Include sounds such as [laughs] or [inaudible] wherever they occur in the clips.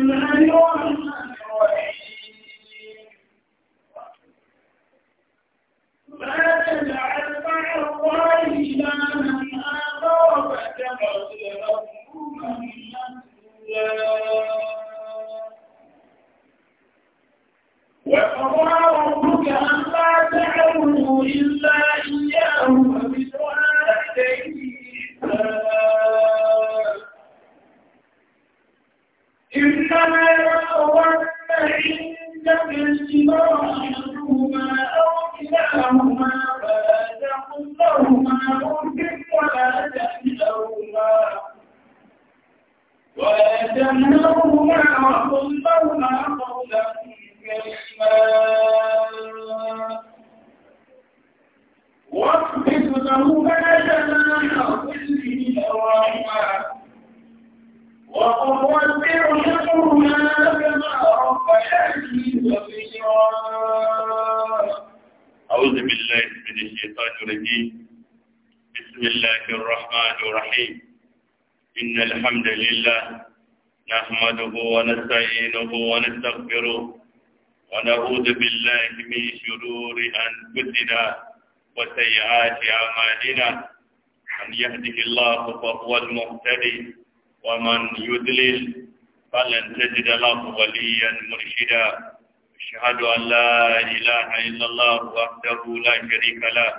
in the يدلل فلن تجد له وليا مرشدا أشهد أن لا إله إلا الله وحده لا شريك له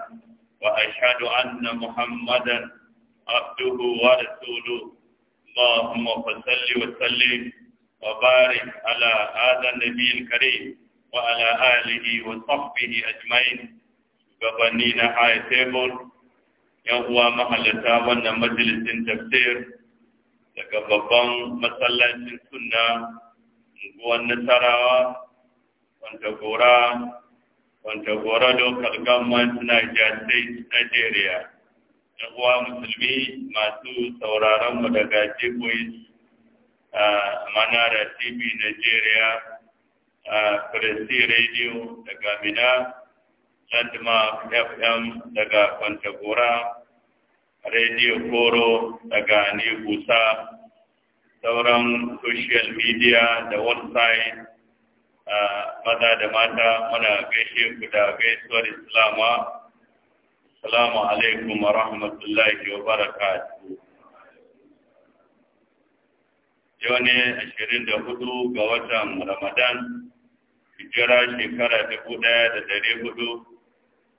وأشهد أن محمدا عبده ورسوله اللهم صل وسلم وبارك على هذا النبي الكريم وعلى آله وصحبه أجمعين gabanni na high table yan uwa mahallata wannan majalisin tafsir daga babban masallacin suna, unguwar nasarawa wanda gora wanda gora local government Niger State Nigeria yan uwa musulmi masu sauraron mu daga Jibuis a Manara TV Nigeria a Presi Radio daga Mina Landmark FM daga Kwantagora rediyo koro daga ne kusa sauran social media da website maza da mata muna gaishe ku da gaisuwar islama assalamu alaikum wa rahmatullahi wa barakatuh yau ne ashirin da hudu ga watan ramadan hijira shekara dubu ɗaya da dari hudu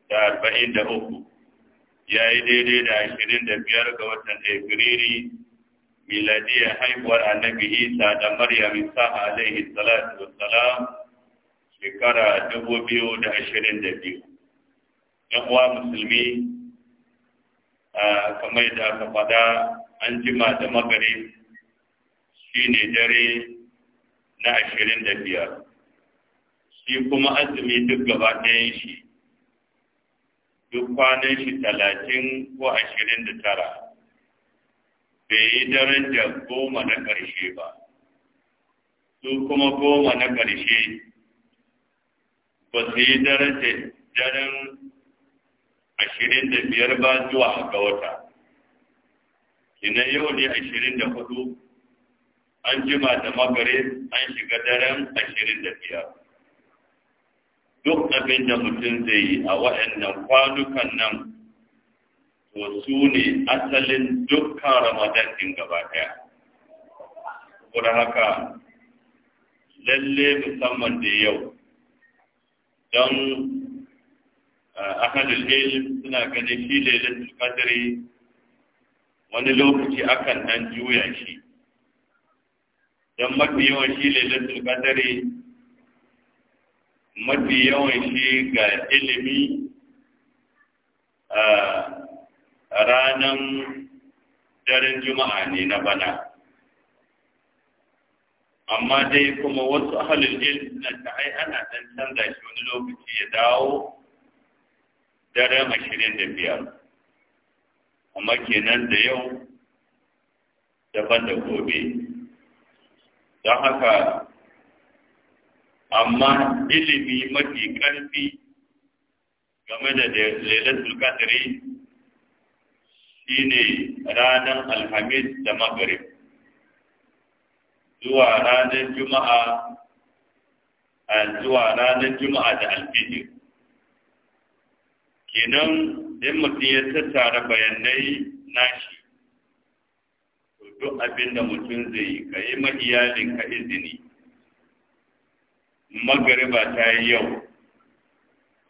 da arba'in da uku ya yi daidai da ashirin da biyar ga watan Efiriri, miladiya haihuwar annabi Isa da Maryam Isa alaihi salatu wassalam shekara dubu biyu da ashirin da biyu. ‘Yan uwa musulmi, kamar da aka faɗa an jima da magari shi ne dare na ashirin da biyar. Shi kuma azumi duk gaba ɗayan shi. duk kwanan shi talatin ko ashirin da tara bai yi daraja goma na ƙarshe ba su kuma goma na ƙarshe ba su yi daraja daren ashirin da biyar ba zuwa ga wata ina yau ne ashirin da hudu an jima da magare an shiga daren ashirin da biyar duk abin da mutum zai yi a waɗannan kwanukan nan to su ne asalin dukkan ramadan din gaba ɗaya kuma haka lalle musamman da yau don ahalul ilm suna ganin shi lailatul kadiri wani lokaci akan dan juya shi don mafi yawan shi lailatul kadiri mafi yawan shi ga ilimi a ranar daren juma'a ne na bana amma dai kuma wasu halin ilimin da ai ana dan canza shi wani lokaci ya dawo daren ashirin da biyar amma kenan da yau daban da gobe don haka amma ilimi mafi ƙarfi game da lailatul qadri shine ranar alhamis da maghrib zuwa ranar juma'a a zuwa ranar juma'a da alfijir kenan din mutum ya tattara bayanai nashi to duk abin da mutum zai yi ka yi ma iyalinka izini magariba ta yi yau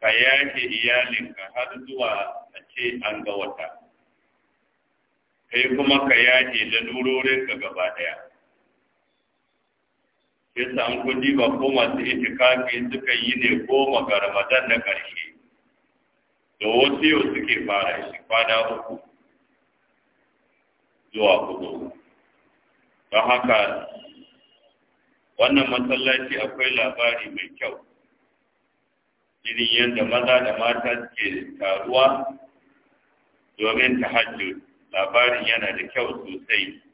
ka yake iyalinka har zuwa a ce an ga wata kai kuma ka yake lalurorinka gaba daya yasa an kudi ba ko masu itikafi suka yi ne goma ga ramadan na ƙarshe da wasu yau suke fara shi kwana uku zuwa hudu don haka wannan masallaci akwai labari mai kyau irin yadda maza da mata ke taruwa domin hajji, labarin yana da kyau sosai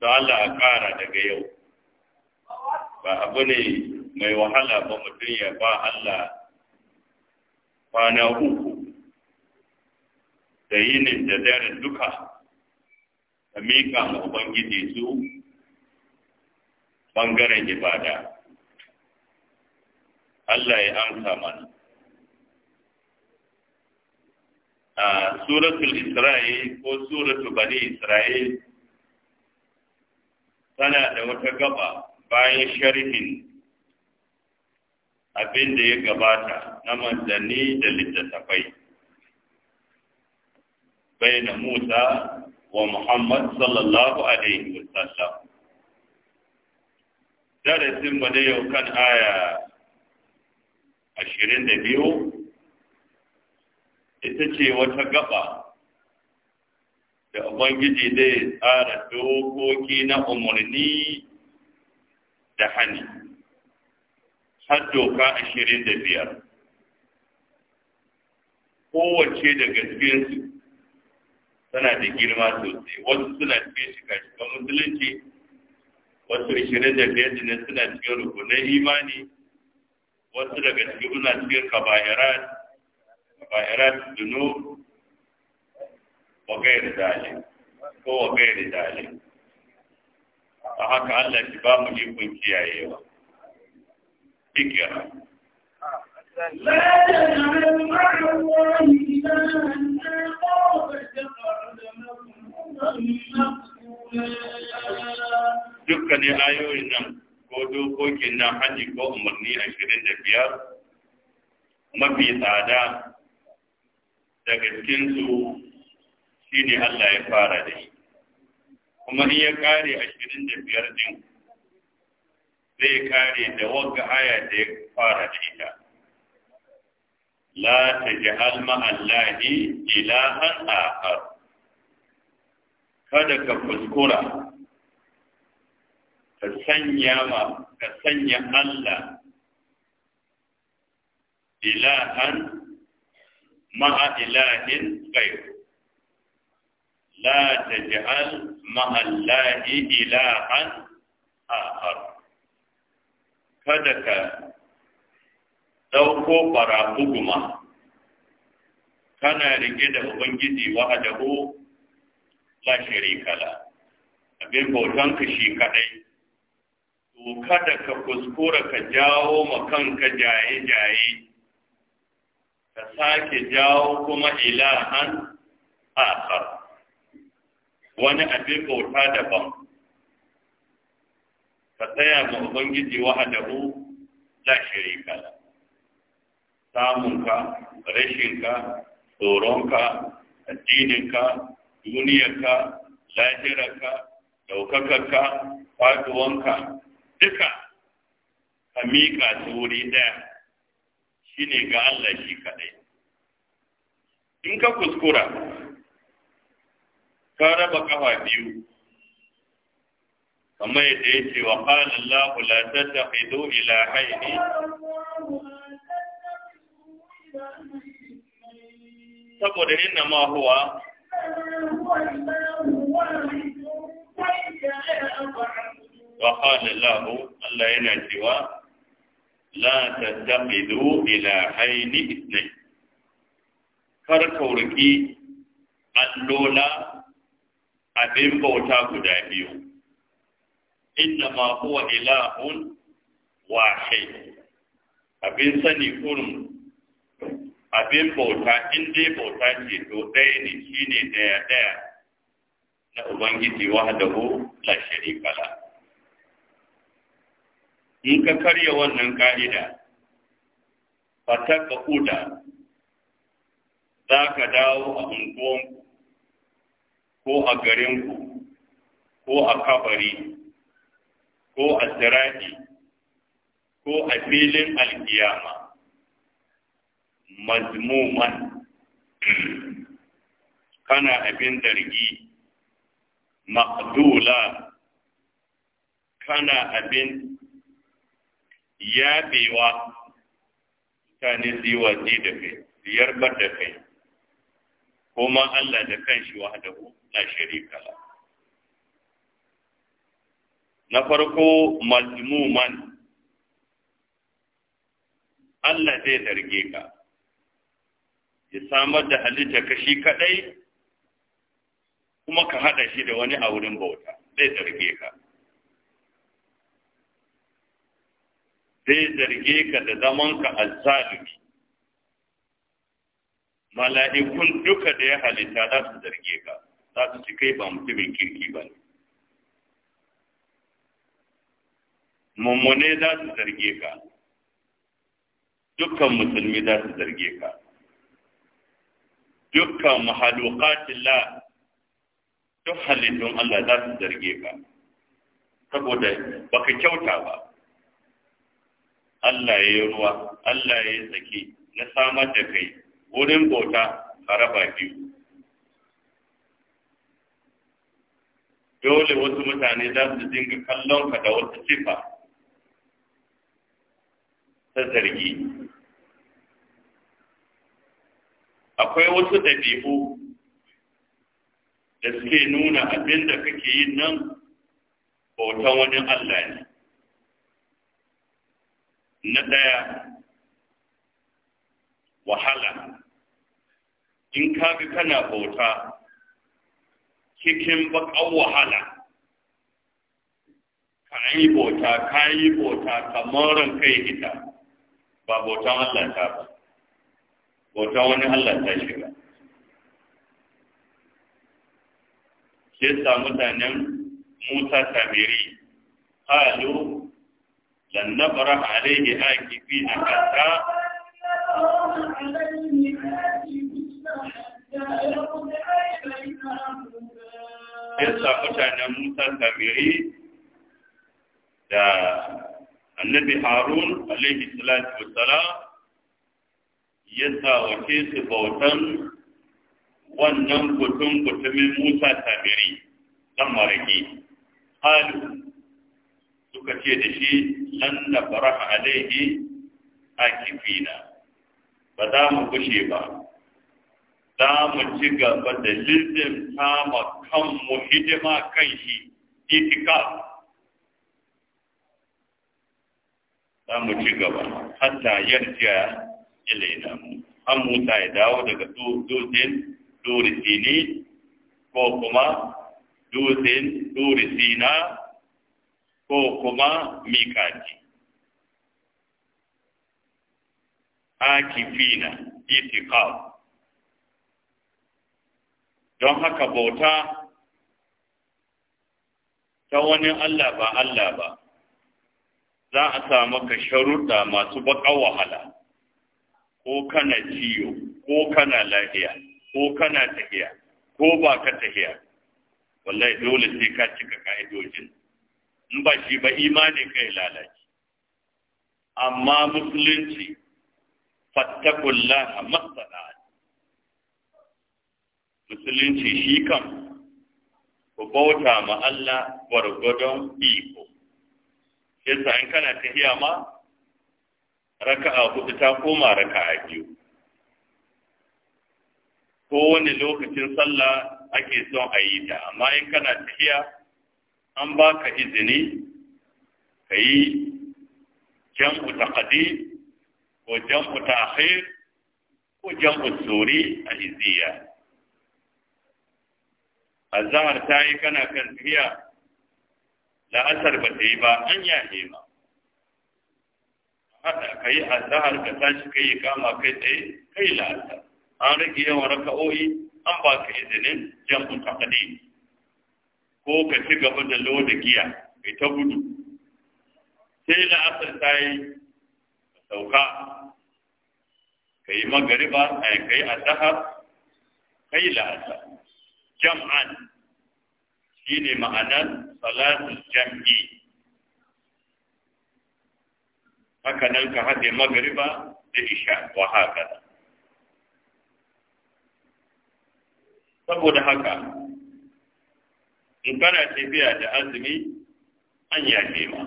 don Allah a ƙara daga yau ba abu ne mai wahala ba mutum ya ba Allah kwana uku da yinin da daren duka da miƙa ma Ubangiji su ɓangaren ibada. Allah ya amsa mana. A suratul Isra'il ko suratul Bani Isra'il tana da wata gaba bayan sharhin abin da ya gabata na manzanni da littattafai. Baina Musa wa Muhammad sallallahu Alaihi wasallam. darasin mu da yau kan aya ashirin da biyu ita ce wata gaba da ubangiji zai tsara dokoki na umarni da hani har doka ashirin da biyar kowace daga cikinsu tana da girma sosai wasu suna cikin shiga-shiga musulunci wasu rikirin da biyar ne suna cikin rukunai imani wasu daga cikin suna cikin kaba'irat kaba'irat dunu wa gairi dalil ko wa gairi dalil a haka Allah ki ba mu ikon kiyayewa ikira لا تجعل مع dukkanin layoyin nan ko dokokin nan haji ko umarni ashirin da biyar mafi tsada daga cikinsu shi ne Allah ya fara da shi kuma in ya kare ashirin da biyar din zai kare da wagga aya da ya fara da ita la ta ji ila an akhar kada ka fuskura. ka sanya ma ka sanya Allah ilahan ma'a ilahin kai la taj'al ma'a Allahi ilahan akhar kada ka dauko barabuguma kana rike da ubangiji wahdahu la sharika la abin ka shi kaɗai. to kada ka kuskura ka jawo ma kanka jaye-jaye ka sake jawo kuma ilahan akar wani abin bauta daban ka tsaya ma ubangiji wahadahu la shirika samunka rashinka tsoronka addininka duniyarka lafiyarka ɗaukakarka faɗuwanka duka ka miƙa su wuri ɗaya shi ne ga Allah shi kaɗai. In ka kuskura, ka raba ƙafa biyu, kamar yadda ya ce wa ƙalin la'ula ta tafido ila haini. Saboda inna ma huwa, wa qala lahu Allah yana cewa la tattaqidu ila hayni ithnay kar kauriki allola abin bauta guda biyu inna ma huwa ilahun wahid abin sani kurum abin bauta in dai bauta ce to ɗaya ne shine ɗaya ɗaya na ubangiji wahdahu la sharika la in ka karya wannan ka'ida fataka uda za ka dawo a unguwanku ko a garinku ko a kabari ko a sirati ko a filin alkiyama mazmuman kana abin zargi maƙdula kana abin Yaɓewa mutane su yi watsi da kai su yarbar da kai kuma Allah da kanshi wahdahu na sharika la na farko mazmuman Allah zai zarge ka ya samar da halitta kashi kadai kuma ka hada shi da wani a wurin bauta zai zarge ka Sai zarge ka da zamanka azzalimi mala'ikun duka da ya halitta za su zarge ka za su ci kai ba mutumin kirki ba ne mummune za su zarge ka dukkan musulmi za su zarge ka dukkan mahalukatila duk halittun Allah za su zarge ka saboda baka kyauta ba Allah ya yi ruwa Allah ya yi tsaki na samar da kai wurin bauta raba biyu dole wasu mutane za su dinga kallon ka da wata sifa ta zargi akwai wasu ɗabi'u da suke nuna abin da kake yin nan bautan wani Allah ne na ɗaya wahala in kaga kana bauta cikin bakan wahala ka yi bauta ka yi bauta kamar kai ita ba bautan Allah ta ba bautan wani Allah ta shiga shi sa mutanen Musa Samiri halu lan nabara alaihi akifi na hatta yasa mutanen Musa Samiri da annabi Harun alaihi salatu wassalam yasa wace su bautan wannan kutun kutumin Musa Samiri dan maraki. Halu suka ce da shi lan da faraha alaihi a kifina ba za mu kushe ba za mu ci gaba da lizin kama kanmu hidima kan shi itika za mu ci gaba hatta yarja ilaina mu an musa ya dawo daga dutsen dutsen ko kuma dutsen dutsen na ko kuma mikati akifina itiqab don haka bauta ta wani Allah ba Allah ba za a sa maka sharuɗa masu baƙa wahala ko kana ciyo ko kana lahiya ko kana tahiya ko ba ka tahiya wallahi dole sai ka cika ka'idojin ba shi ba imanin kai lalaci amma musulunci fattakullaha masana musulunci shi kan ku bauta ma Allah gwargwadon iko yasa in kana tafiya ma raka'a hudu ta koma raka'a biyu kowane lokacin sallah ake son a yi ta amma in kana tafiya. an ba ka izini ka yi jam'u taqdi ko jam'u ta'khir ko jam'u suri a iziya azhar ta yi kana kan tafiya la'asar ba ta yi ba an yahe ma haɗa ka yi azahar ka tashi ka yi kama kai tsaye kai la'asar an rage yawan raka'o'i an ba ka izinin jan mutakadi ko ka ci gaba da loda giya kai ta gudu sai asar ta yi sauka ka yi magariba a eh, ka yi azahar ka yi la'asa jam'an shi ne ma'anar salatun jam'i haka nan ka haɗe magariba da isha wa haka saboda haka in kana tafiya da azumi an yafe ma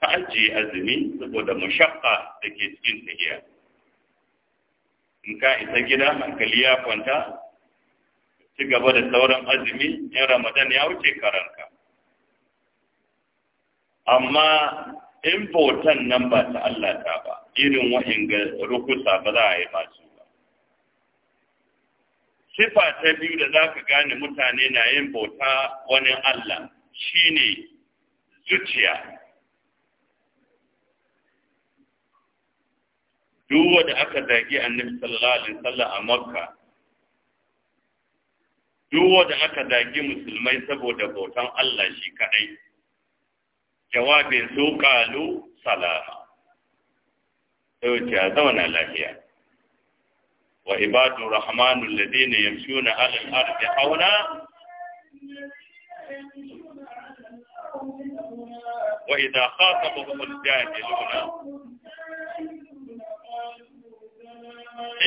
ka ajiye azumi saboda mashakka da ke cikin tafiya in ka isa gida hankali ya kwanta ci gaba da sauran azumi in ramadan ya wuce karanka amma in bautan nan ba ta Allah ta ba irin wa'in ga rukusa ba za a yi masu sifa ta biyu da za ka gane mutane na yin bauta wani Allah shine zuciya Duwa da aka zagi annabi sallallahu alaihi a makka duwa da aka zagi musulmai saboda bautan Allah shi kaɗai, jawabin su kalu salama sai a zauna lafiya wa ibadu rahmanu alladhina yamshuna 'ala al-ardi hawla wa idha khatabahum al-jahiluna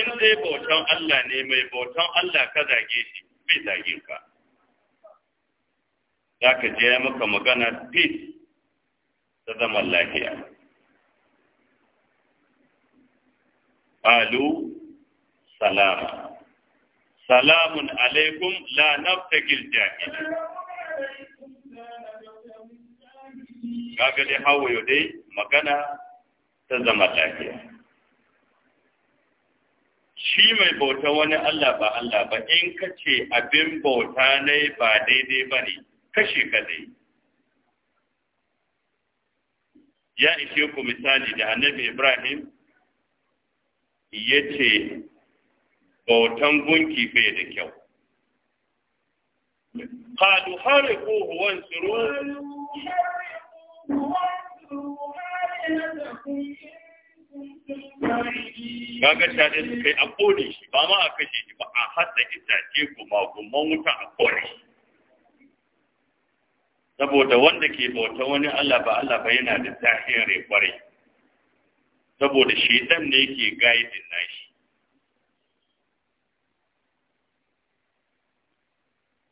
in dai bautan Allah ne mai bautan Allah ka zage shi bai zage za ka je maka magana ta zaman lafiya. Alu سلام salamun alaikum la nabtagil jahili kaga dai hawayo dai magana ta zama lafiya shi mai bauta wani Allah ba Allah ba in ka ce abin bauta ne ba daidai ba ne kashe ka dai ya ishe ku misali da annabi Ibrahim ya ce bautan gunki bai da kyau qalu huwan tsoro? Gaga ta da suka a kone shi ba ma a kashe shi ba a hatsa itace guma-guman wuta a kone shi. Saboda wanda ke bauta wani Allah ba Allah ba yana da tahiyyar kwarai. Saboda shi ne yake gaidin nashi.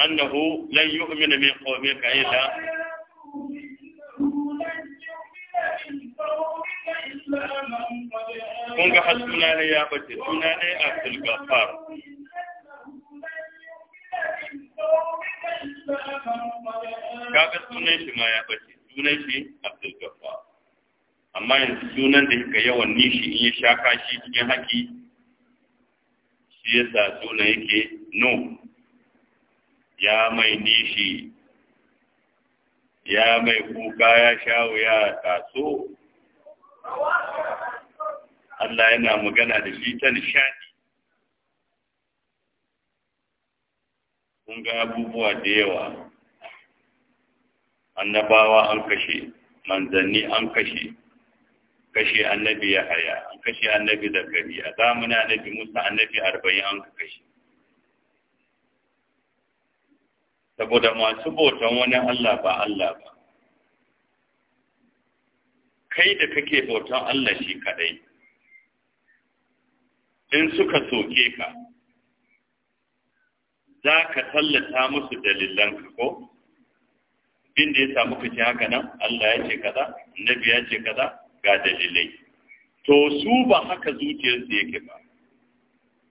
أنه لن يؤمن من قومك إلا kun حسبنا hasuna ne ya bace suna Abdul kaga sunan shi ma ya bace sunan shi Abdul amma yanzu sunan da yake yawan nishi in ya shaka shi cikin haki shi yasa sunan yake no ya mai nishi ya mai kuka ya sha wuya taso Allah yana magana da shi ta nishadi kun ga abubuwa da yawa annabawa an kashe manzanni an kashe kashe annabi ya haya an kashe annabi zakari a zamanin annabi musa annabi arba'in an kashe saboda masu bautan wani Allah ba Allah ba kai da kake bautan Allah shi kadai in suka soke ka za ka tallata musu dalilan ka ko bin da ya samu kace haka nan Allah ya ce kaza Nabi ya ce kaza ga dalilai to su ba haka zuciyarsu yake ba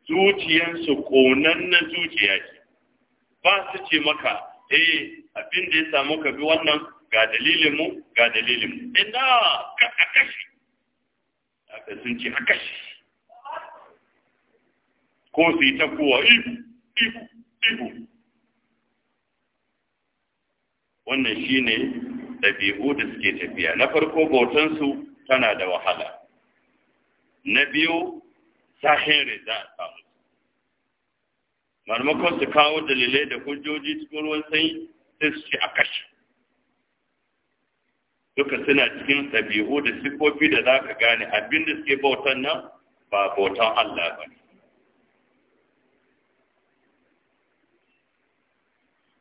zuciyarsu konan na zuciya ce ba su ce maka eh abin da ya samu ka bi wannan ga dalilin mu ga dalilin mu ina ka akashi?' aka sun ce akashi. ko su yi ta kowa ibu ibu ibu wannan ne ɗabi'u da suke tafiya na farko bautansu tana da wahala na biyu sahin rida samu farmakon su kawo dalilai da hujjoji cikin ruwan sanyi sai su ce a kashe duka suna cikin ɗabi'u da sifofi da za ka gane abin da suke bautan nan ba bautan Allah ba ne.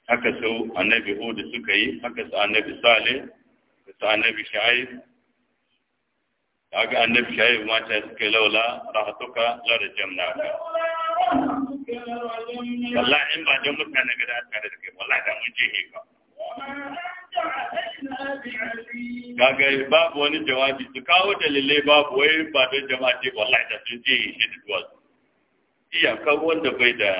Haka su annabi Hudu suka yi, haka su annabi Sale, da su annabi sha'ayi da haka annabi sha'ayi mata suka yi laula rahatuka lara ka. wallahi in ba don mutane gada a tare da kai wallahi da mun jihe ka kaga babu wani jawabi su kawo dalilai babu wai ba don jama'a ce wallahi da sun jihe shi da duwatsu iyakar wanda bai da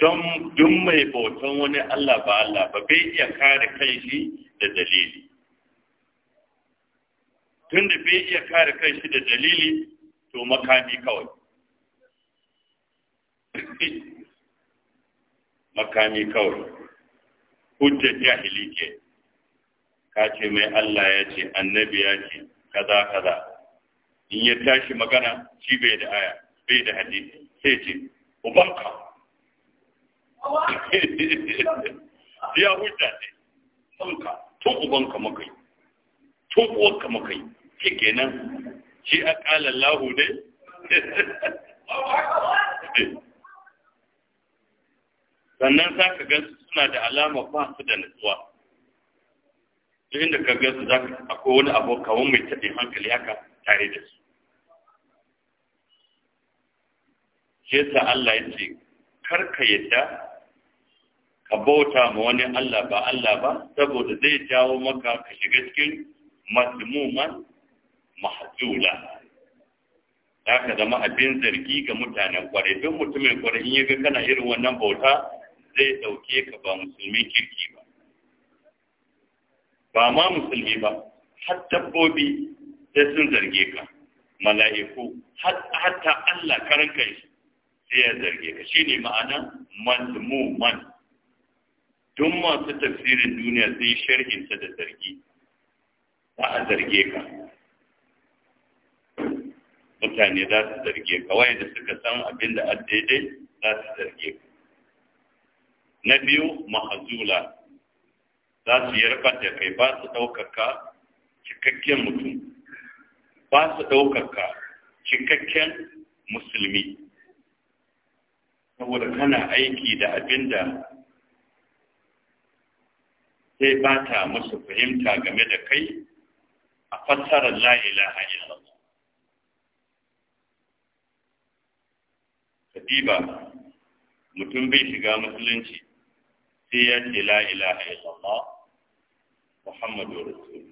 don dun mai bautan wani Allah ba Allah ba bai iya kare kai shi da dalili tun da bai iya kare kai shi da dalili to makami kawai [coughs] makami kawai hujjar jahili ke ka ce mai Allah ya ce annabi ya ce kaza kaza in ya tashi magana shi bai da aya bai da hadisi sai ce ubanka [laughs] ya hujja ne ubanka tun ubanka muka yi tun uwanka muka yi shi kenan shi a ƙalallahu dai [laughs] [laughs] sannan za ka gansu suna da alama ba su da nutsuwa duk inda ka gansu za ka akwai wani abu kawo mai taɓe hankali haka tare da su shi yasa Allah ya ce kar ka yadda ka bauta ma wani Allah ba Allah ba saboda zai jawo maka ka shiga cikin mazmuman mahzula za ka zama abin zargi ga mutanen kwarai don mutumin kwarai in ga kana irin wannan bauta zai ɗauke ka ba musulmi kirki ba ba ma musulmi ba har dabbobi sai sun zarge ka mala'iku hatta Allah karan kai sai ya zarge ka shine ma'ana mazmuman duk masu tafsirin duniya sai sharhinsa da zargi za a zarge ka mutane za su zarge ka wayanda suka san abin da daidai za su zarge ka na biyu mahazula za su yi da kai ba su ɗaukaka cikakken mutum ba su ɗaukaka cikakken musulmi saboda kana aiki da abin da sai ba ta musu fahimta game da kai a fassarar a illallah ba mutum bai shiga musulunci sai ya ce la ilaha illallah muhammadu rasul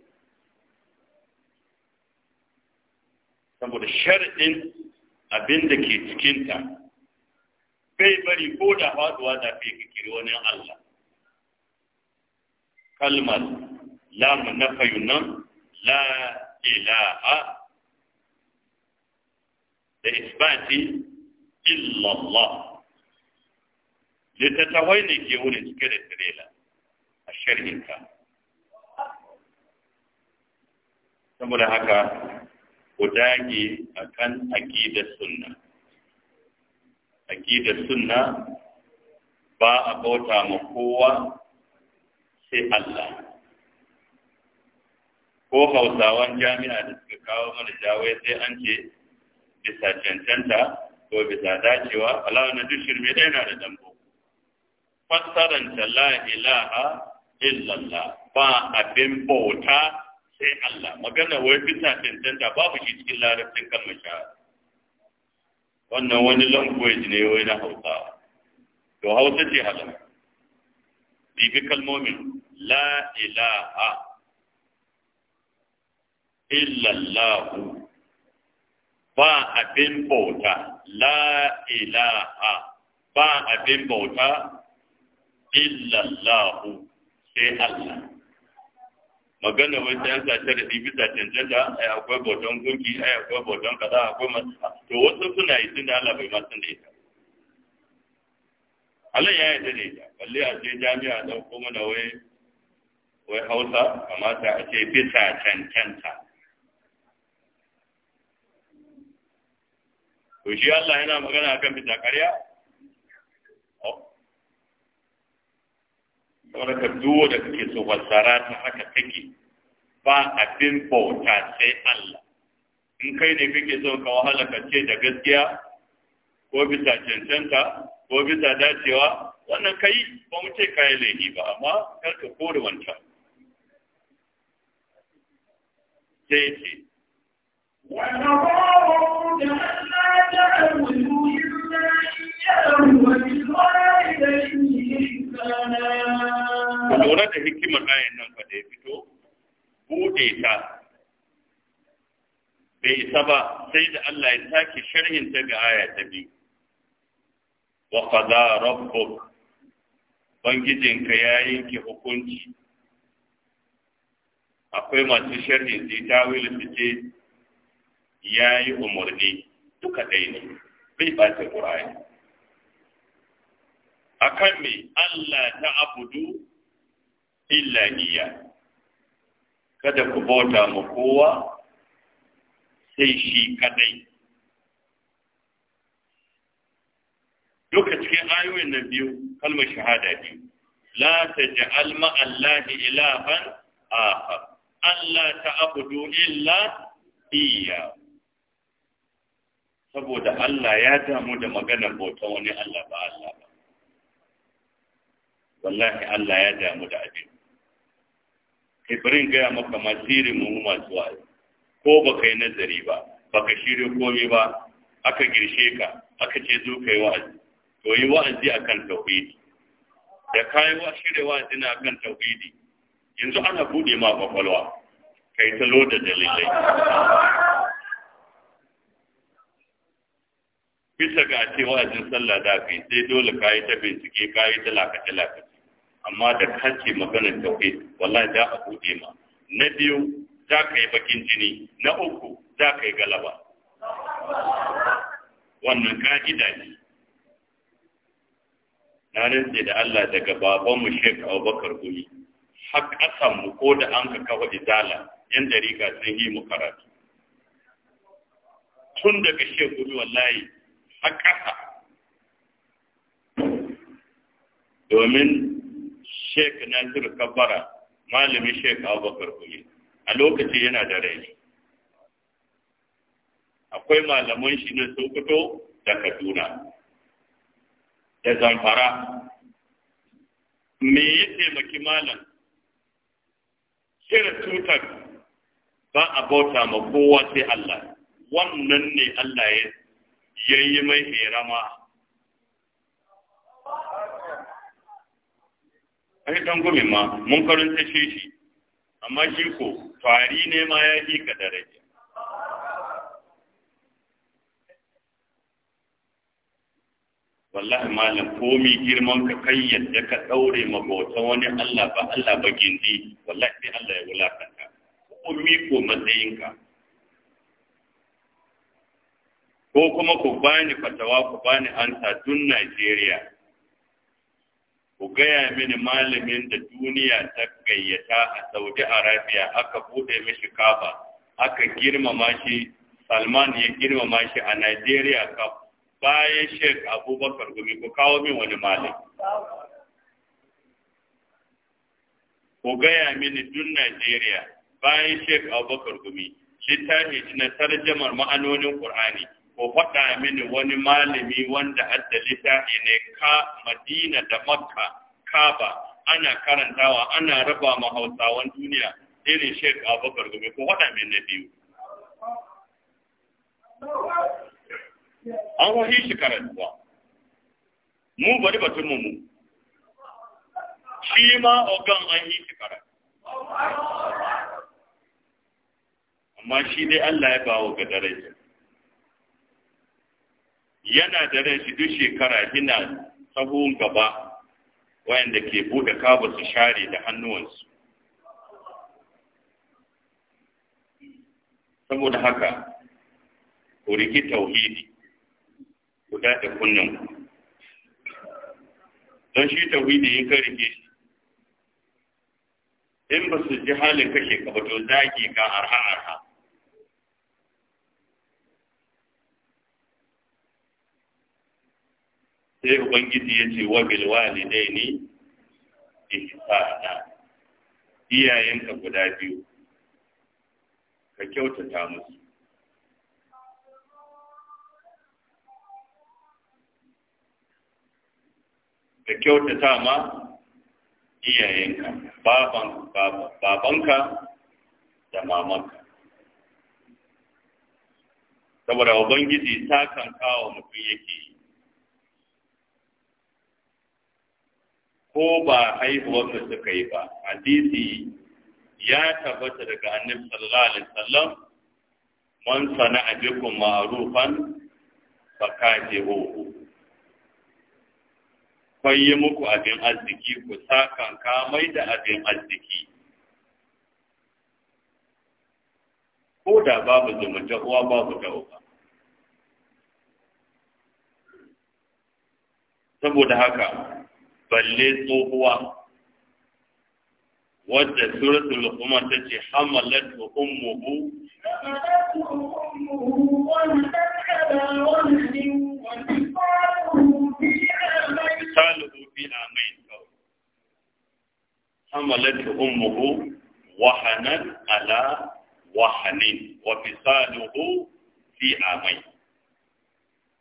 saboda sharɗin abin da ke cikinta bai bari ko da faduwa da fi kikiri wani Allah kalmar lamu na fayunan la ilaha da isbati illallah littattafai ne ke wurin cike da tirela a sharhinka saboda haka ku dage a kan aƙidar sunna ba a bauta ma kowa sai Allah ko hausawan jami'a da suka kawo mana jawai sai an ce bisa cancanta ko bisa dacewa alawa na duk shirme ɗaya na da dambo fassaranta la ilaha illallah ba abin bauta sai Allah magana wai bisa tantanta babu shi cikin larabcin kalmar shahada wannan wani language ne wai na Hausa to Hausa ce halama bibi kalmomin la ilaha illallah ba abin bauta la ilaha ba abin bauta illallahu sai Allah magana wai ta an ta da bisa cancanta ai akwai bautan gunki ai akwai bautan kaza akwai masu to wasu suna yi da Allah bai masu san da ita Allah ya yi da ita balle a ce jami'a da kuma na wai wai Hausa kamata a ce bisa cancanta to shi Allah yana magana akan bisa karya? Oh. wani ka duwo da kake so wasara ta haka kake ba abin bauta sai Allah in kai ne kake so ka wahala ka ce da gaskiya ko bisa cancanta ko bisa dacewa wannan kai ba mu ce kai laifi ba amma kar ka kore wancan sai ce ونظاره ألا تعبدوا إلا إياه وبالوالدين إحسانا lura da hikimar ayan nan fa da ya fito bude ta bai isa ba sai da Allah ya sake sharhin ta ga aya ta bi wa qada rabbuk ka ya ki hukunci akwai masu sharhin da ta wili su ce ya yi umarni duka dai ne bai ɓata ƙura'ani a kan me Allah ta abudu illa iya kada ku bauta mu kowa sai shi kadai duka cikin ayoyin na biyu kalmar shahada biyu la taj'al ma'allahi ilahan akhar Allah ta'budu illa iya saboda Allah ya damu da maganar bauta wani Allah ba Allah ba wallahi Allah ya damu da abin Eh, ibirin gaya maka masirin mu masu wa'azi ko baka yi nazari ba baka shirya komai ba aka girshe ka aka ce zo ka yi wa'azi to yi wa'azi akan tauhidi da kayi wa shirya wa'azi na akan tauhidi yanzu ana bude ma kwakwalwa kai ta da dalilai bisa ga ce wa'azin sallah da kai sai dole yi ta bincike kayi ta lakace lakace amma da kace maganar tauhid wallahi da a buɗe ma na biyu za ka yi bakin jini na uku za ka yi galaba wannan ka'ida ne na rantse da Allah daga babanmu Sheikh Bakar Gumi har mu ko da an ka kawo izala yan dariƙa sun yi mu karatu tun daga Sheikh Gumi wallahi har ƙasa domin Sheikh Nazir Kabara malamin Sheikh Abubakar Kuli a lokaci yana da rai akwai malaman shi na Sokoto da Kaduna da Zamfara me ya taimaki malam shirin tutar ba a bauta ma kowa sai Allah wannan ne Allah ya yi mai herama ai dan gumin ma mun karanta shi shi amma shi ko fari ne ma ya yi ka daraja wallahi malam komi girman ka kai yadda ka daure mabauta wani Allah ba Allah ba gindi wallahi sai Allah ya wulakanta komi ko matsayinka ko kuma ku bani fatawa ku bani ansa tun Najeriya ku gaya mini malamin da duniya ta gayyata a Saudi Arabia aka bude mishi kafa aka girmama shi Salman ya girmama shi a Nigeria ka bayan Sheikh Abubakar Gumi ku kawo min wani malam ku gaya mini dun Nigeria bayan Sheikh Abubakar Gumi littafi na tarjamar ma'anonin Qur'ani ko faɗa mini wani malami wanda haddali littafi ne ka madina da makka kaba ana karantawa ana raba ma hausawan duniya irin shek abubakar gobe ko faɗa mini na biyu an wahi shi karantuwa mu bari batun mu mu shi ma ogan an yi shi karatu amma shi dai Allah ya bawo ga daraja yana da ran shi duk shekara ina sahun gaba wayanda ke bude kaba su share da hannuwansu saboda haka ku riki tauhidi ku daɗe kunninku don shi tauhidi in ka rike shi in ba su ji halin kashe ka ba to zaki ka arha arha sai ubangiji ya ce wa bil walidaini ihsana iyayenka guda biyu ka kyautata musu ka kyautata ma iyayenka baban babanka da mamanka saboda ubangiji sakan kawo mutum yake yi ko ba haihuwarsa suka yi ba hadisi ya tabbata daga annabi sallallahu alaihi wasallam man sana bikum ma'rufan fakajihu kwaye muku abin arziki ku sakan mai da abin arziki ko da babu zumunta uwa babu dauka. saboda haka balle tsohuwa wadda suratul kuma ta ce hamalat wa ummuhu misaluhu fi amain hamalat ummuhu wahanan ala wahanin wa fisaluhu fi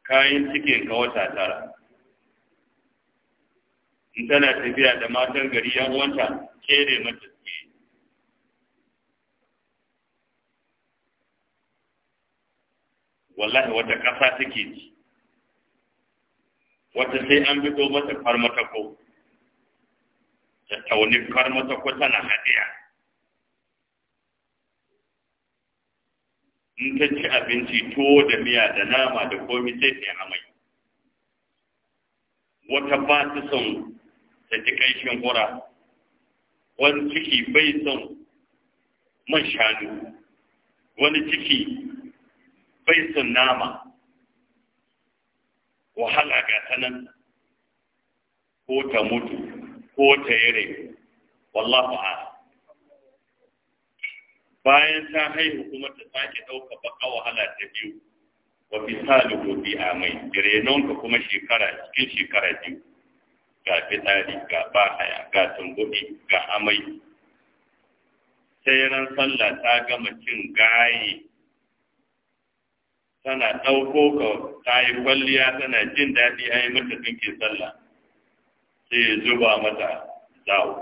kayan ka wata in tana tafiya da matan gari yan wanta kere mata suke wallahi wata ƙasa take ci wata sai an bido mata farmatako ta tauni farmatako tana haɗiya in ta ci abinci tuwo da miya da nama da komi sai ta yi amai wata ba ta son da ji hura wani ciki bai son man shanu wani ciki bai son nama wahala ga ta ko ta mutu ko ta yare wallahu a bayan ta haihu kuma ta sake ɗauka baka wahala ta biyu wa fi salu lukobi a mai renon kuma shekara cikin shekara biyu ga fitsari ga bahaya ga tumbuɗi ga amai sai ran sallah ta gama cin gaye tana ɗauko ka ta yi kwalliya tana jin daɗi a yi mata ɗinkin sallah sai ya zuba mata zawo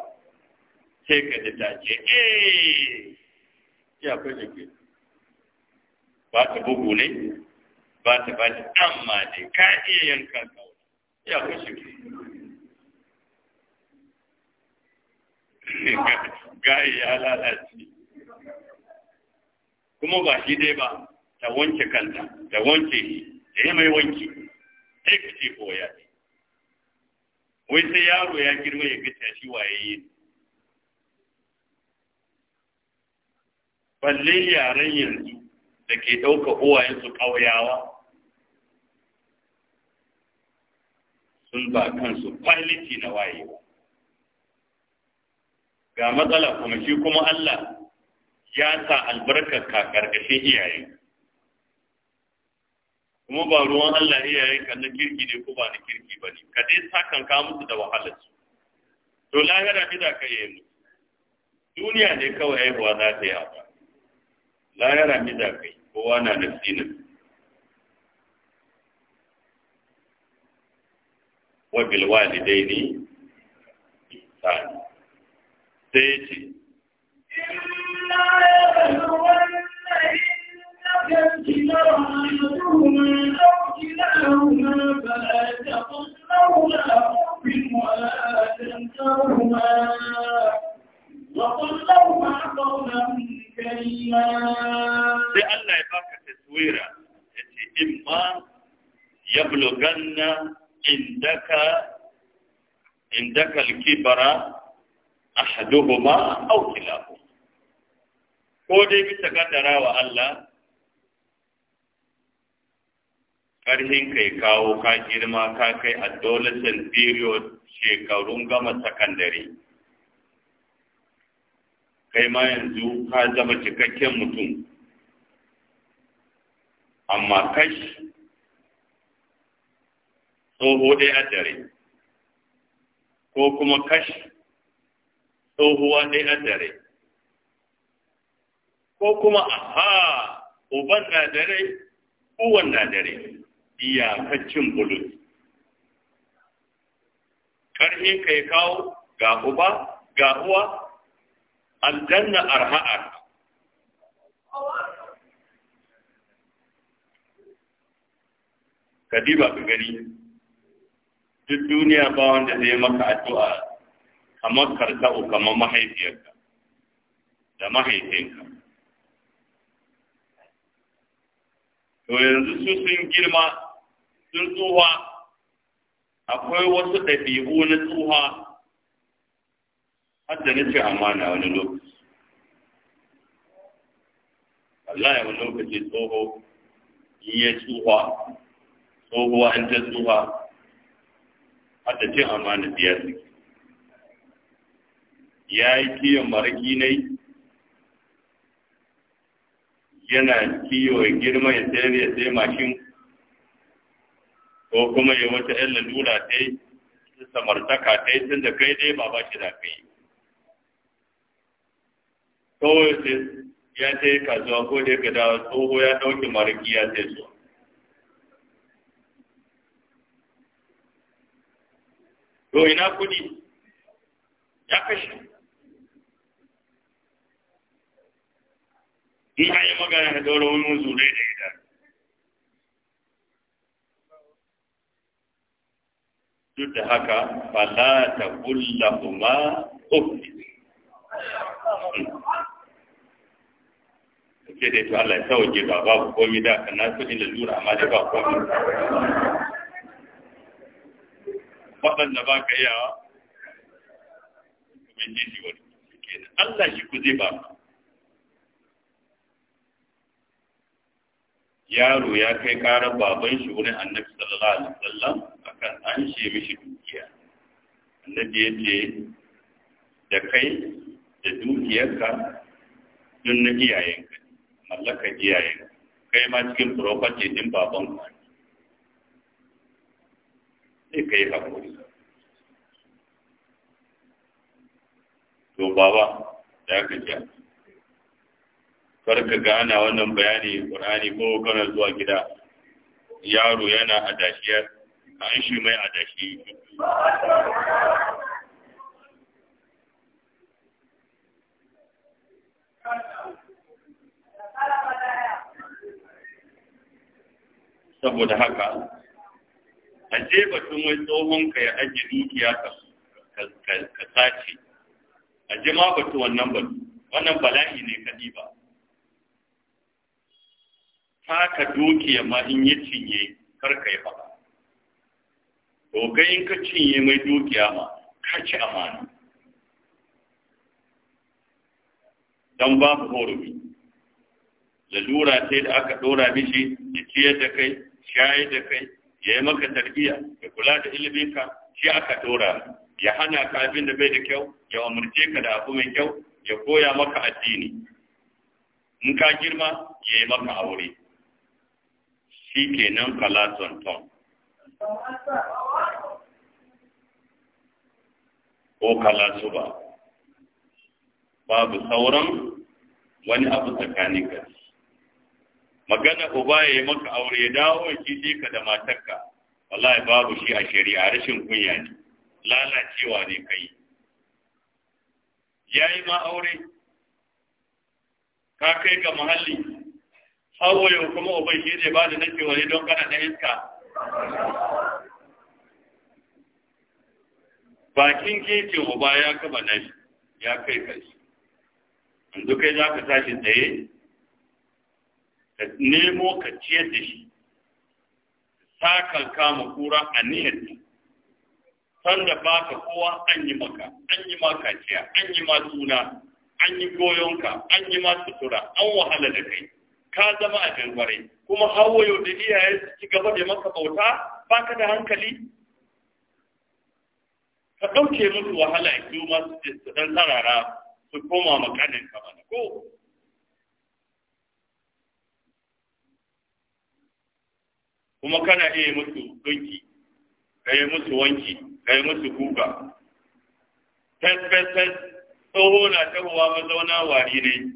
sai ka ji ta ce eh ya kwaje ke ba ta bugu ne ba ta ba ta amma ne ka iya yankan kawo ya kwaje ke gaye ya lalace kuma ba shi dai ba ta wanke kanta ta wanke shi ta yi mai wanki ta fice koya oh, wai sai yaro ya girma ya gita shi waye yi balle yaren yanzu da ke ɗauka uwayensu ƙauyawa sun ba kansu kwaliti na wayewa ga matsala kuma shi kuma Allah ya sa albarkar ka karkashin iyaye kuma ba ruwan Allah iyaye ka na kirki ne ko ba na kirki ba ne ka dai kan ka musu da wahalar su to lahira ne za ka yi duniya ne kawai haihuwa za ta yi ba lahira ne za ka yi kowa na da nafsi wa bil walidaini ihsana sai ya ce sai Allah ya baka taswira ya ce ma ya bloganna indaka indaka alkibara ahaduhuma aw kilahuma ko dai bisa kaddara wa Allah ƙarhin kai kawo ka girma ka kai adolescent period shekarun gama sakandare kai ma yanzu ka zama cikakken mutum amma kashi tsoho ɗaya dare ko kuma kashi tsohuwa ne a dare ko kuma aha uban na dare uwan na dare iyakacin bulus ƙarfin kai kawo ga uba ga uwa aljanna arha'ar kadiba ka gani duk duniya ba wanda zai maka addu'a kamar karka'u kamar mahaifiyarka da mahaifinka to yanzu su sun girma sun tsuha akwai wasu ɗabi'u na tsuha har da nace amana wani lokaci ya wani lokaci tsoho in ya tsuha tsohuwa in ta tsuha har da cin amana biyar suke ya yi kiyo marki ne yana kiyo ya girma ya sayar ya sai mashin ko kuma ya wata yan lalura ta yi samartaka ta yi tun da kai dai ba ba shi da kai kawai sai ya ta yi kasuwa ko da ya dawo tsoho ya ɗauki maraki ya sai su to ina kudi ya kashe in ya yi magana da daura wani wanzu dai da ita duk da haka fala ta kulla kuma ofi ke da ita Allah ya sauke ba babu komi da kan na kudin da lura amma da ba komi waɗanda ba ka yawa kuma jiji wani Allah shi ku zai ba yaro ya kai karar baban shi wurin annabi sallallahu alaihi wasallam akan an shi mishi dukiya annabi ya ce da kai da dukiyarka dun na iyayenka mallaka iyayenka kai ma cikin property din baban ka sai kai hakuri to baba da ka ji karka ga ana wannan bayani ƙur'ani ko kana zuwa gida yaro yana adashiyar an shi mai adashi saboda haka a je batun wai tsohonka ya ajiye dukiya ka sace a je ma batu wannan batu wannan bala'i ne ka ba ka doke ma in ya cinye karka yi faɗa to in ka cinye mai dukiya ma ka ci amana don babu horumi lalura sai da aka ɗora mishi ya ciyar da kai shayi da kai ya yi maka tarbiyya ya kula da ilminka shi aka ɗora ya hana ka abin da bai da kyau ya umarce ka da abu mai kyau ya koya maka addini in ka girma ya yi maka aure shi nan kalaton ton ko kalasu ba babu sauran wani abu tsakanin gari. magana uba ya yi maka aure ya dawo ki je da matarka wallahi babu shi a shari'a rashin kunya ne lalacewa ne kai Ya yi ma aure ka kai ga muhalli hawaye kuma obin shi ne ba da nake wani don kana na iska bakin gefe uba ya kaba nashi ya kai kashi yanzu kai za ka tashi tsaye ka nemo ka ciyar da shi sakan kama kura a san sanda baka kowa an yi maka an yi maka ciya an yi ma suna an yi goyonka an yi ma sutura an wahala da kai ka zama a kwarai kuma hawayo da iyaye su ci gaba da maka bauta ba ka da hankali ka ɗauke musu wahala su masu su ɗan tsarara su koma makanin kamar ko kuma kana iya musu dunki ka yi musu wanki ka yi musu guga fes, tsoho na tahowa mazauna wari ne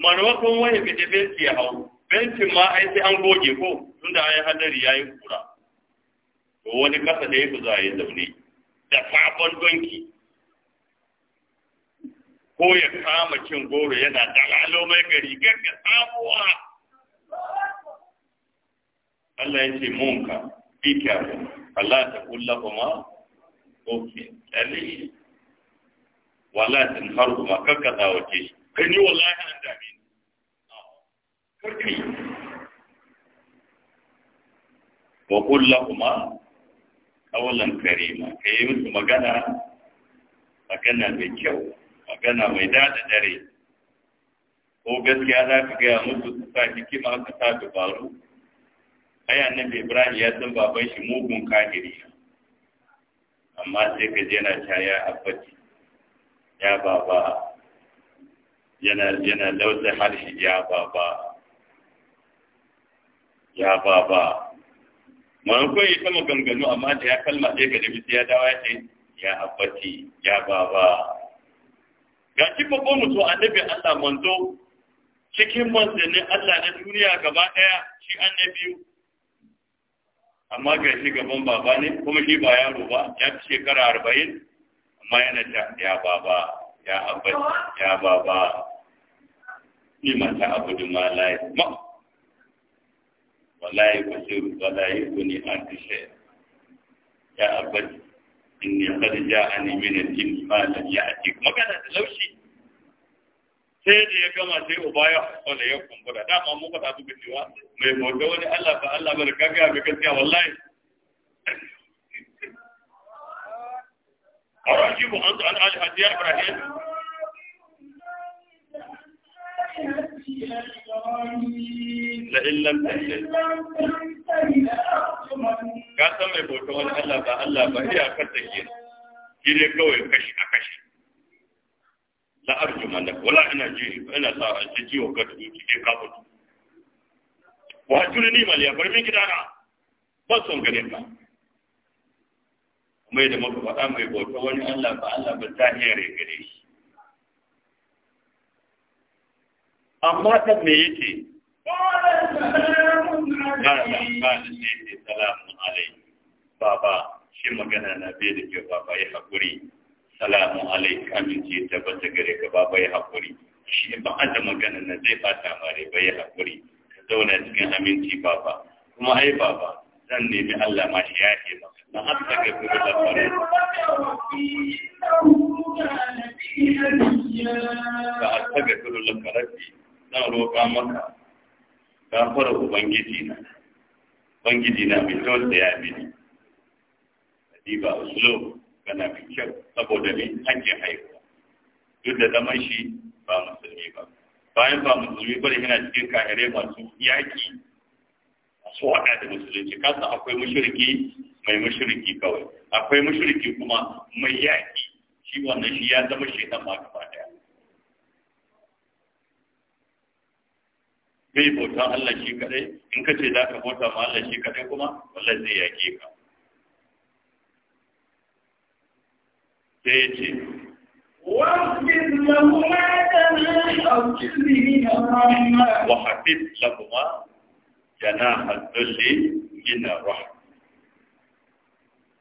kuma wani fita benci ya hau bencin ma ai sai an goge ko tunda ayi hadari ya yi kura to wani kasa da ya fi zaye zaune da sabon donki ko ya kama cin goro yana dalalo mai gari gaggar samuwa Allah ya ce munka bi Allah ta kuma, ko oke dalili wala tin harbu ma dawo shi kai ni wallahi an dame ni karki wa qul lahumma qawlan karima kai musu magana magana mai kyau magana mai dada dare ko gaskiya za ka gaya musu su sa hikima ka sa dubaru ai annabi ibrahim ya san baban shi mugun kafiri amma sai ka je na ta ya ya baba yana yana lautsa harshe ya baba ya baba maimakon yi sama gangano amma da ya kalma ɗaya ga dabi ya dawa ya ce ya abbaci ya baba ga shi mutu a annabi Allah manzo cikin manzannin Allah na duniya gaba ɗaya shi annabi amma ga shi gaban baba ne kuma shi ba yaro ba ya fi shekara arba'in amma yana ta ya baba ya abbaci ya baba لمن تعبد ما لا يسمع ولا يبصر ولا يغني عنك شيء يا أبت إني قد جاءني من الإن ما لم يأتيك ما كان هذا لو شيء سيد يكما سيء أبايا حصل يوكم برا دا ما موقع تعطو بالنواء ما يموتوني الله فألا بركاك يا بكتيا والله أراجب أنت عن آل حديث إبراهيم لئن lantarki ka mai bauta wani Allah ba Allah ba ya karta ke shi ne kawai kashi a kashi la'ar juma na wala ina ji ina sa a ce ji wa gata yi ka kafin wa ni maliya bar min gidana ba son gare ka mai da maka faɗa mai bauta wani Allah ba Allah ba ta hiyar gare shi amma ɗan me yake salamun alai baba shi magana na bai da kyau baba ya haƙuri salamun alai amince tabbata gare ka baba ya haƙuri shi ba a da magana na zai fata mare ba ya haƙuri ka zauna cikin aminci baba kuma ai baba zan nemi Allah ma shi yaƙe maka na hatta ga kuma da faru ba a taga kuma da faru na roƙa maka gafara ubangiji na ubangiji na mai tausaya mini adiba uslo kana mai kyau saboda mai hanyar haihuwa duk da zaman shi ba musulmi ba bayan ba musulmi ba da yana cikin kahirai masu yaƙi masu waɗa da musulunci kasa akwai mashirki mai mashirki kawai akwai mashirki kuma mai yaƙi shi wannan shi ya zama shi ma gaba ɗaya bai bauta Allah shi kadai in ka ce za ka bauta ma Allah shi kadai kuma wallahi zai yake ka sai ya ce واحفظ لهما جناح الذل من الرحمة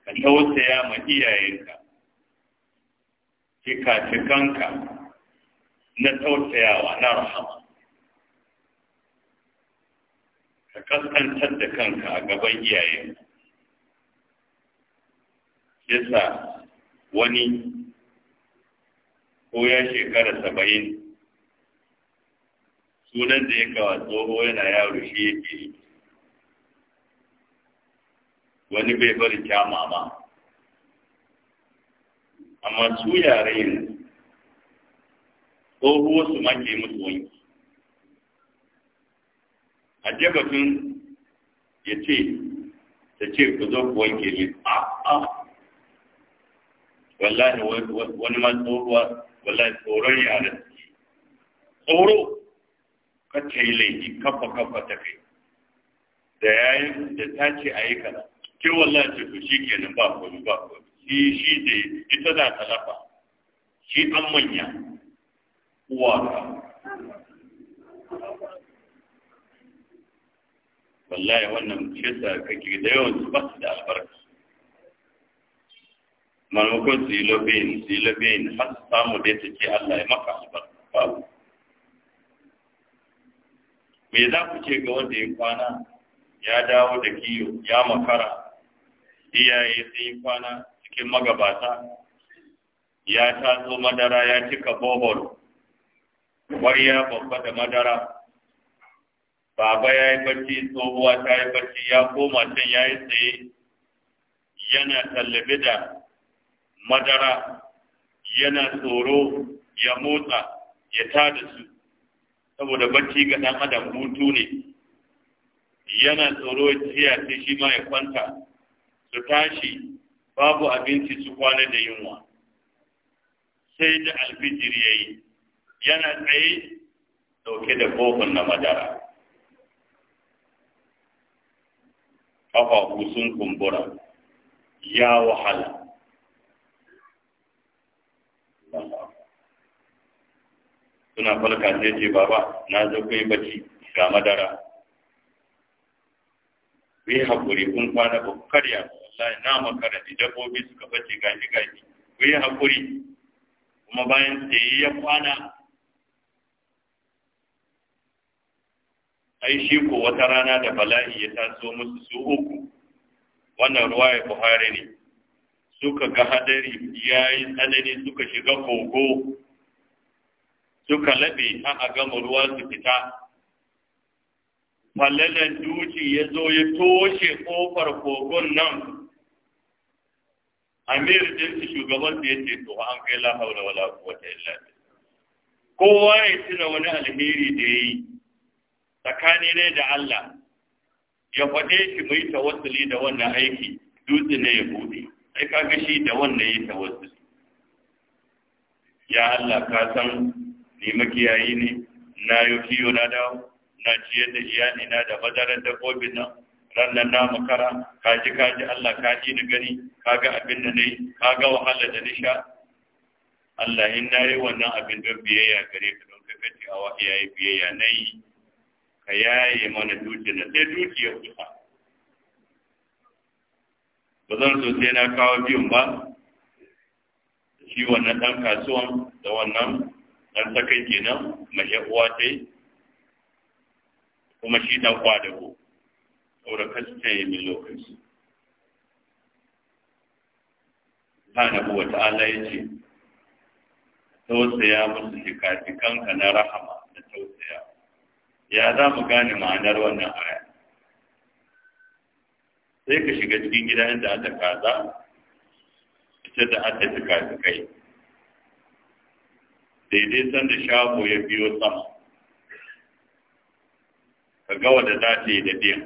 ka tausaya ma iyayenka cika cikanka na tausayawa na rahama ka kaskantar da kanka a gaban iyaye yasa wani ko ya shekara saba'in sunan da ya kawo tsoho yana yaro shi yake yi wani bai bari kyama ba amma su yare yin tsoho su make musu wanki a je batun ya ce ta ce ku zo ku wanke ni a a wallahi wani ma tsoruwa wallahi tsoron suke tsoro ka ce laifi kafa kafa ta kai da yayin da ta ce a yi kaza ke wallahi ce ku shi kenan ba komi ba komi shi shi da ita za ta lafa shi an manya uwa wallahi wannan shirka kake da yawan su basu da albarka maimakon zilobin zilobin lobeyin har su samu da ta ce Allah ya maka albarka babu me za ku ce ga wanda ya kwana ya dawo da kiyo ya makara iyaye sun yi kwana cikin magabata ya taso madara ya cika bohol wariya babba da madara baba ya yi barci tsohuwa ta yi barci ya koma can ya yi tsaye yana tallabe da madara yana tsoro ya motsa ya da su saboda barci ga ɗan adam hutu ne yana tsoro ya tsaya sai shi ma ya kwanta su tashi babu abinci su kwana da yunwa sai da alfijir ya yi yana tsaye dauke da kofin na madara ƙafafu sun kumbura ya wahala suna falka sai ce baba na zo kai bacci ga madara ku yi haƙuri kun kwana ba ku karya wallahi na makara dabbobi suka bace gashi gashi ku yi haƙuri kuma bayan tsaye ya kwana ai shi ko wata rana da bala'i ya taso musu su uku wannan ya buhari ne suka ga hadari ya yi tsanani suka shiga kogo suka laɓe a gama ruwa su fita fallalan duci ya zo ya toshe kofar kogon nan amir din shugaban su ya ce to an kai la wala illa kowa ya tuna wani alheri da ya yi. tsakani ne da Allah ya faɗe shi mu yi tawassuli da wannan aiki dutse ne ya buɗe sai ka ga shi da wannan ya tawassuli ya Allah ka san ni makiyayi ne na yi kiyo na dawo na ciyar da iyali na da da dabbobin nan rannan na makara ka ji Allah ka ji ni gani ka ga abin da ne ga wahala da nisha Allah in na yi wannan abin don biyayya gare ka don kakaci a wa iyaye biyayya na yi ka yaye mana dukiyar na sai dukiyar kusa ba zan so sai na kawo biyun ba shi wannan ɗan kasuwan da wannan ɗan sakai kenan mai uwa ce kuma shi ɗan kwadago saboda kasu ta yi min lokaci subhanahu wa ya ce. tausaya musu jikatikanka na rahama da tausaya ya za mu gane ma'anar wannan aya sai ka shiga cikin gida inda aka kaza ita da aka tuka kai daidai sanda shago ya biyo sama ka ga wadda za ta yi da biyan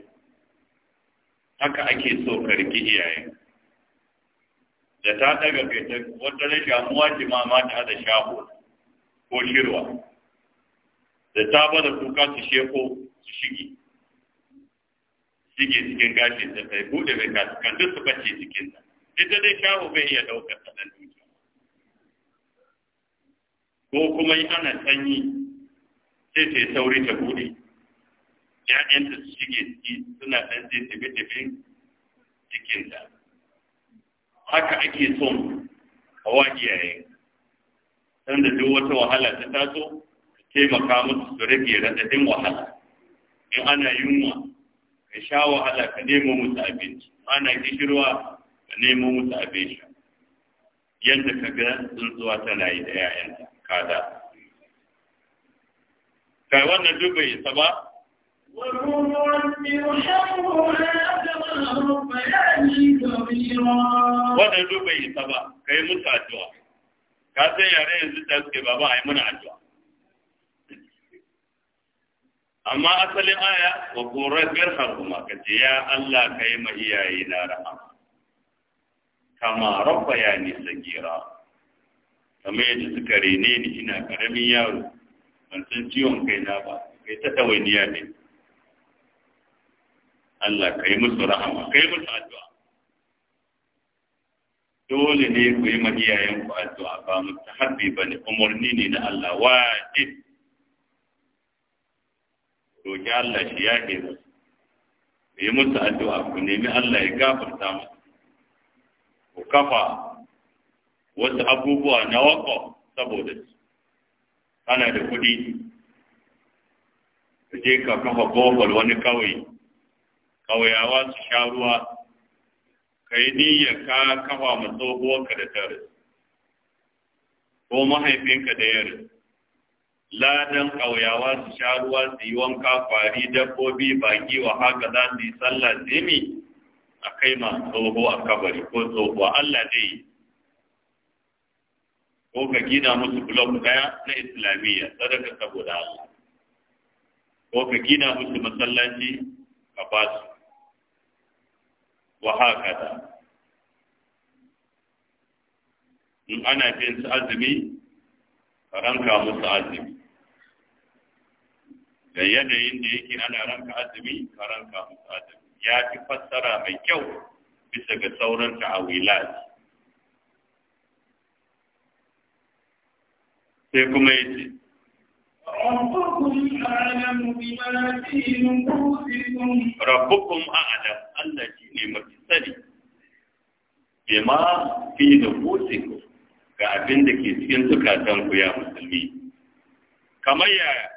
haka ake so ka riƙi iyayen da ta daga kai wata rashin amuwa ce ma ma ta da shago ko shirwa da ta ba da kuka su sheko su shige shige cikin gashin da kai bude mai kasu kan duk su bace cikin ta ita dai shawo bai iya daukar ta nan ko kuma yi ana sanyi sai sai sauri ta bude ya'yanta su shige ciki suna ɗan sai tafi-tafin cikin ta haka ake son a wajiyaye sanda duk wata wahala ta taso taimaka musu su rage raɗaɗin wahala in ana yunwa ka sha wahala ka nemo musu abinci ana gishirwa ka nemo musu abinci yadda ka ga tsuntsuwa tana yi da 'ya'yanta kada kai wannan duk bai isa ba wannan duk bai isa ba kai musu addu'a ka san yare yanzu da suke baba a yi muna addu'a amma asalin aya wa qurat ka kace ya Allah kai ma iyaye na rahama kama Rabba ya nisa sagira kamar yadda suka rene ni ina karamin yaro ban san ciwon kai na ba kai ta tawainiya ne Allah kai musu rahama kai musu addu'a dole ne ku yi ma iyayen ku addu'a ba mustahabbi bane umarni ne na Allah wajib ya Allah shi ya ke ba. ku yi musu addu'a ku nemi Allah ya gafarta musu ku kafa wasu abubuwa na wako saboda su ana da kuɗi ka je ka kafa bohol wani kawai ƙauyawa su sha ruwa ka yi niyyar ka kafa ka da tare ko mahaifinka da yare ladan ƙauyawa su sha ruwa su yi wanka kwari dabbobi baki wa haka za su yi sallah zemi a kai ma tsoho a kabari ko tsoho Allah dai ko ka gina musu blok daya na islamiyya sadaka saboda Allah ko ka gina musu masallaci ka ba su wa haka in ana bin su azumi ranka musu azumi da yanayin da yake ana ranka azumi ka ranka musu azumi ya fi fassara mai kyau bisa ga sauran ta'awilat sai kuma ya ce rabbukum a Adam, Allah nufusikum ne a'lam Allah shine mafi sani bima fi nufusikum ga abin da ke cikin zukatan ku ya musulmi kamar yaya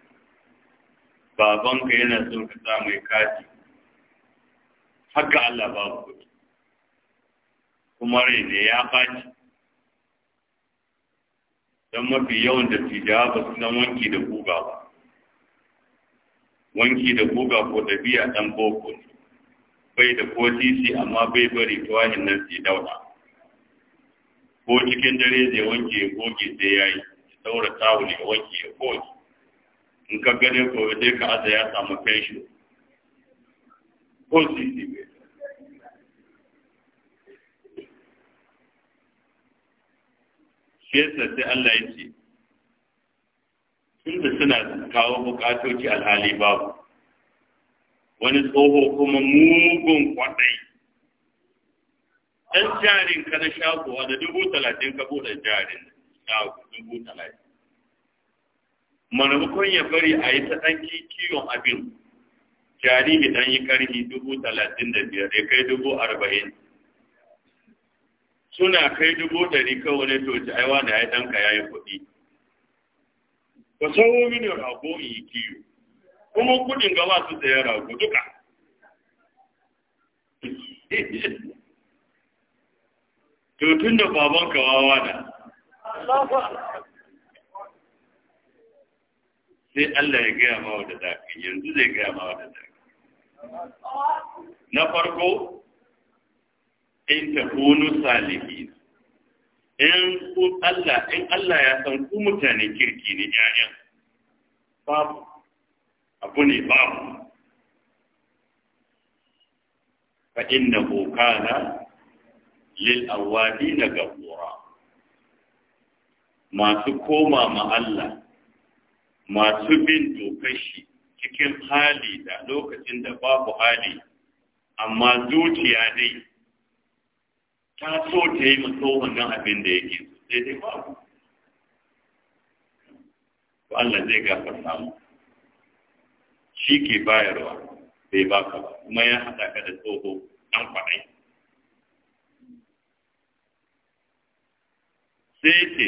babanka yana so ka sa mai kati haka Allah babu kudi kuma rai ne ya kati don mafi yawan da tijawa ba su san wanki da guga ba wanki da guga ko ɗabi'a dan boko ne bai da ko sisi amma bai bari tuwahin nan sai dauna ko cikin dare zai wanke ya goge sai ya yi ya saura tawul ya wanke ya goge in ka gane ko je ka aza ya samu pension ko sisi ne. shi yasa sai Allah ya ce tunda suna kawo bukatoci alhali babu wani tsoho kuma mugun kwadai ɗan jarin ka na shago wanda dubu talatin ka buɗe jarin shago dubu talatin manufakon ya bari a yi ta ɗan kiwon abin jariri ɗan yi ƙarfi dubu talatin da biyar ya kai dubu arba'in suna kai dubu ɗari kawai ne to ji aiwa da ya ɗanka ya yi kuɗi ba sauwo mini rago yi kiwo kuma kuɗin gaba su tsaye rago duka [laughs] to tun da baban kawawa da sai Allah ya gaya ma da za yanzu zai gaya ma da za na farko in ta kunu salihi in ku Allah in Allah ya san ku mutane kirki ne ƴaƴan babu abu ne babu fa innahu kana lil na gabura masu koma ma Allah masu bin dokar shi cikin hali da lokacin da babu hali amma zuciya dai ta so ta yi maso wannan abin da yake sai dai babu ko Allah zai gafarta mu shi ke bayarwa bai baka ba kuma ya haɗa ka da tsoho ɗan kwaɗai sai ce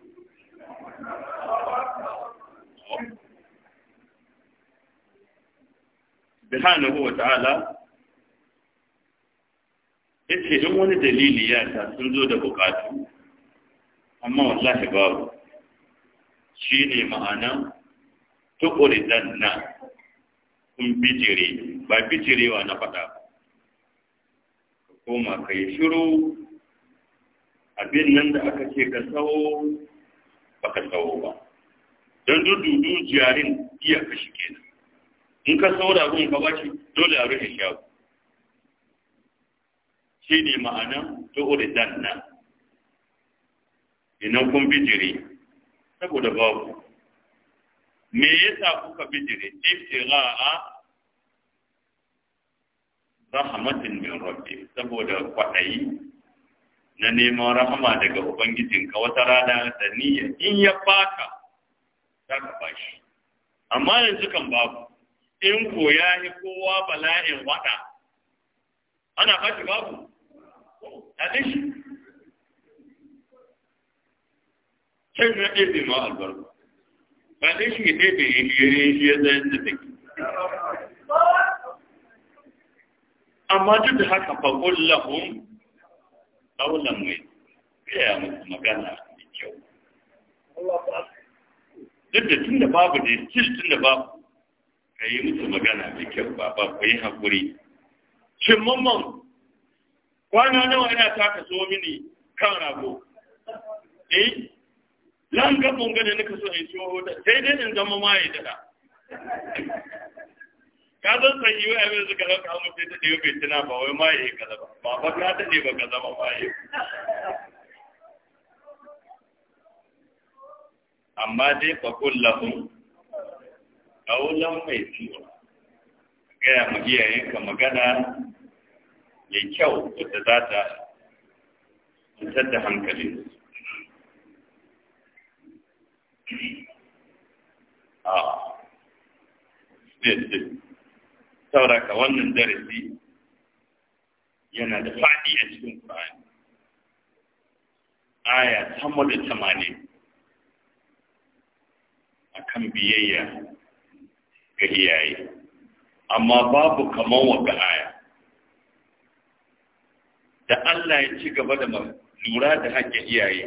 subhanahu wa ta'ala yace in wani dalili ya ta sun zo da bukatu amma wallahi babu shi ne ma'ana tukuridan na kun bijire ba bijirewa na faɗa ka koma ka yi shiru abin nan da aka ce ka tsawo ba ka tsawo ba don dudu jarin iya kashi kenan in ka saura gun ka bashi dole a rufe shago shi ne ma'ana to da danna inan kun bijire saboda babu me yasa kuka bijire a rahamatin min rabbi saboda kwaɗayi. na neman rahama daga ubangijinka wata rana da niyya in ya baka za ka amma yanzu kan babu in ko ya yi kowa bala'in waɗa ana fashi babu haɗe shi sai na ɗebe ma albarku ba ɗai shi ya ɗebe ya yi shi ya zai da take amma duk da haka faƙullahun ɗaunan mai gaya musu magana duk da tun da babu da still tun da babu ka yi musu magana da kyau ba ku yi haƙuri shin mamman kwana nawa ina ta ka so mini kan rago eh lan ga bunga da nika so in ciwo da sai dai in zama maye da da ka zan san yi wa abin ka zaka sai ta ɗaya bai tuna ba wai maye kaza ba ba ka ta ba ka zama maye amma dai faƙon lahun ƙaunar mai tsiwa gaya mu iyayenka magana mai kyau wadda za ta mutar da hankalin a sauraka wannan darasi yana da faɗi a cikin ƙwa'ani aya sama da tamanin akan biyayya ga iyaye amma babu kaman wa aya da Allah ya ci gaba da lura da hakkin iyaye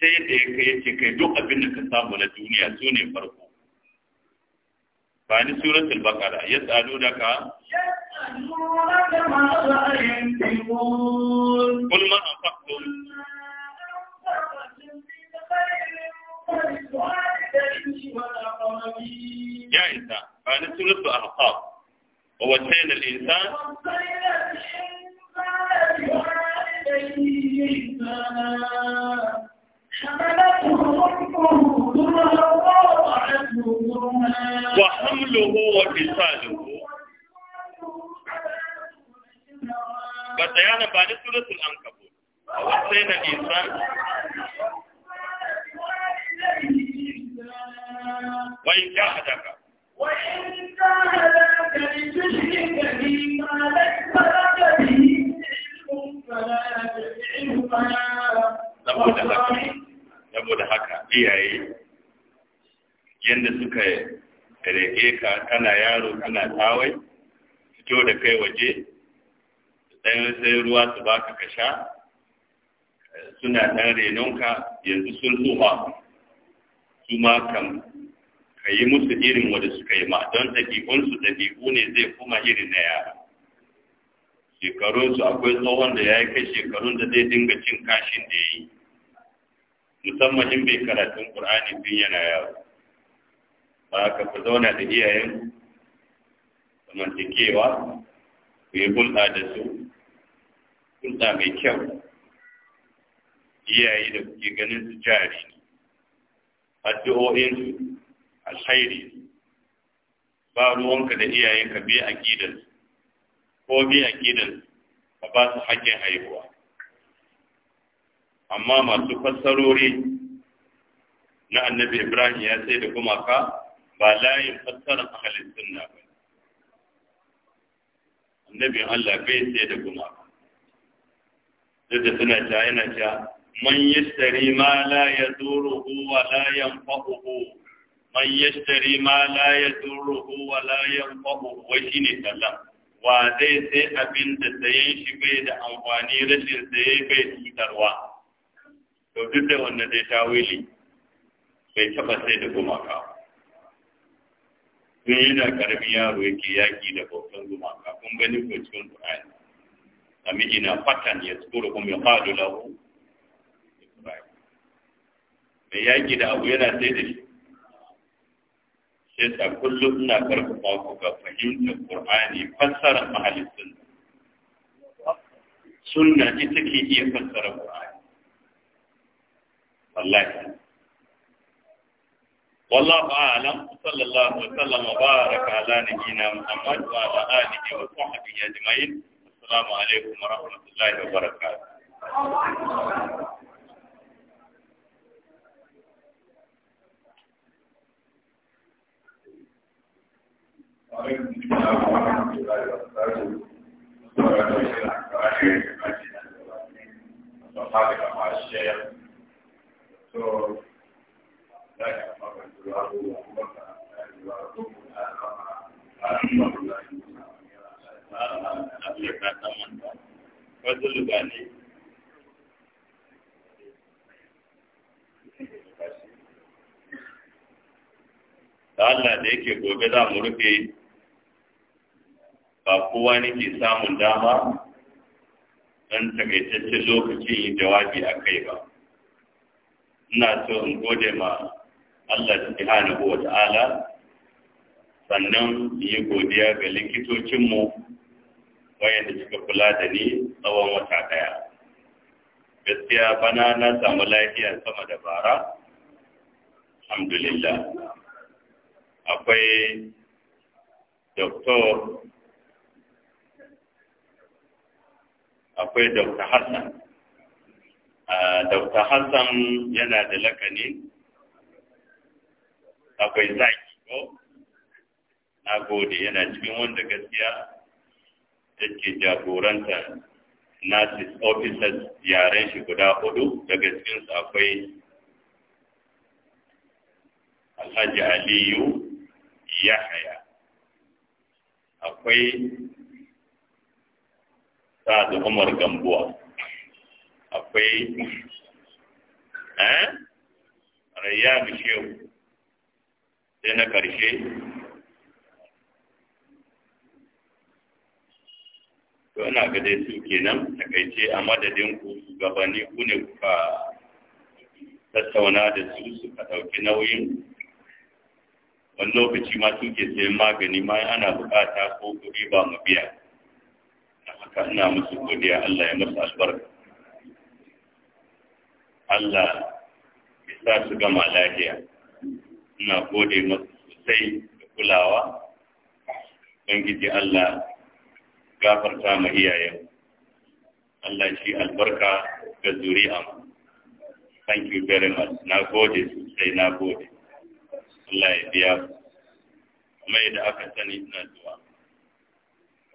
sai da ya kai yace kai duk abin da ka samu na duniya su ne farko ni suratul baqara ya tsalo da ka قل da أنفقتم ya isa ba ni suratu ahqaf wa wasayna al-insan وحمله وفصاله بطيانا بعد سورة الأنكبوت ووصينا الإنسان وإن جاهدك saboda haka saboda haka iyaye yadda suka rege ka kana yaro kana tawai fito da kai waje sai ruwa su baka ka sha suna ɗan renonka yanzu sun tsufa su ma kan ka yi musu irin wanda suka yi ma don ɗabi'unsu ɗabi'u ne zai kuma irin na yara shekarunsu akwai tsohon da ya yi kai shekarun da zai dinga cin kashin da ya yi musamman in bai karatun ƙur'ani tun yana yaro ba ka ku zauna da iyayen zamantakewa ku yi hulɗa da su hulɗa mai kyau iyaye da kuke ganin su jari alkhairi ba ruwanka da iyayenka bi aqidan ko bi aqidan ka ba su haƙƙin haihuwa amma masu fassarori na annabi Ibrahim ya sai da gumaka ba layin fassarar ahalin sunna ba annabin Allah bai sai da gumaka duk da suna ta yana ta man tsari ma la ya zuru wa la fa'uhu man yashtari ma la yadurruhu wa la yanfa'u wa shine sallam wa zai sai abin da sayen shi bai da amfani rashin saye bai cutarwa to duk da wannan zai tawili bai taba sai da gumaka tun yana karamin yaro yake yaki da bautan gumaka kun gani ko cikin Qur'ani sami ina fatan ya tsoro kuma ya fadu lahu mai yaki da abu yana sai da shi shi yasa kullum ina karfafa ku ga fahimtar Qur'ani fassara mahalin sunna sunna ita ke iya fassara Qur'ani wallahi والله أعلم صلى الله وسلم وبارك على نبينا محمد وعلى آله وصحبه أجمعين السلام عليكم ورحمة wa وبركاته da Allah da yake gobe za mu rufe ba kowa ne ke samun dama don takaitaccen lokacin yin jawabi a kai ba ina so in gode ma Allah subhanahu wa ta'ala sannan yi godiya ga likitocinmu wayanda suka kula da ni tsawon wata ɗaya gaskiya bana na samu lafiya sama da bara alhamdulillah akwai doktor akwai Dr. Hassan. Dr. Hassan yana da lakani akwai zaki ko? Na gode yana cikin wanda gaskiya yake jagoranta nurses officers yaren shi guda hudu daga cikinsu akwai Alhaji Aliyu Yahaya. Akwai sa'ad umar gambuwa akwai eh shehu sai na karshe to ina ga dai su kenan takaice a madadin ku gabani ku ne kuka tattauna da su su ka ɗauki nauyin wani lokaci ma suke sayan magani ma ana bukata ko kuɗi ba mu biya haka ina musu godiya Allah ya musu albarka Allah ya sa su gama lafiya ina gode masu sosai da kulawa Ubangiji Allah gafarta ma iyayen Allah shi albarka ga zuri'a thank you very much na gode sosai na gode Allah ya biya mai da aka sani ina zuwa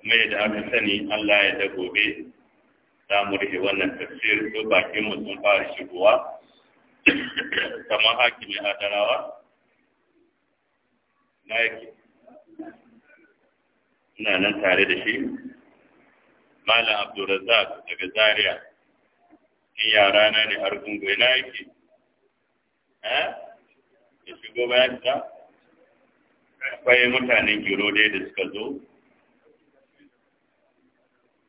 mai da aka sani Allah ya da gobe za mu rufe wannan tafsir ko bakin mu sun fara shigowa kamar hakimin adarawa na yake ina nan tare da shi malam abdulrazak daga zaria Ni yara na ne har gungo na yake eh ya shigo bayan ta akwai mutanen giro dai da suka zo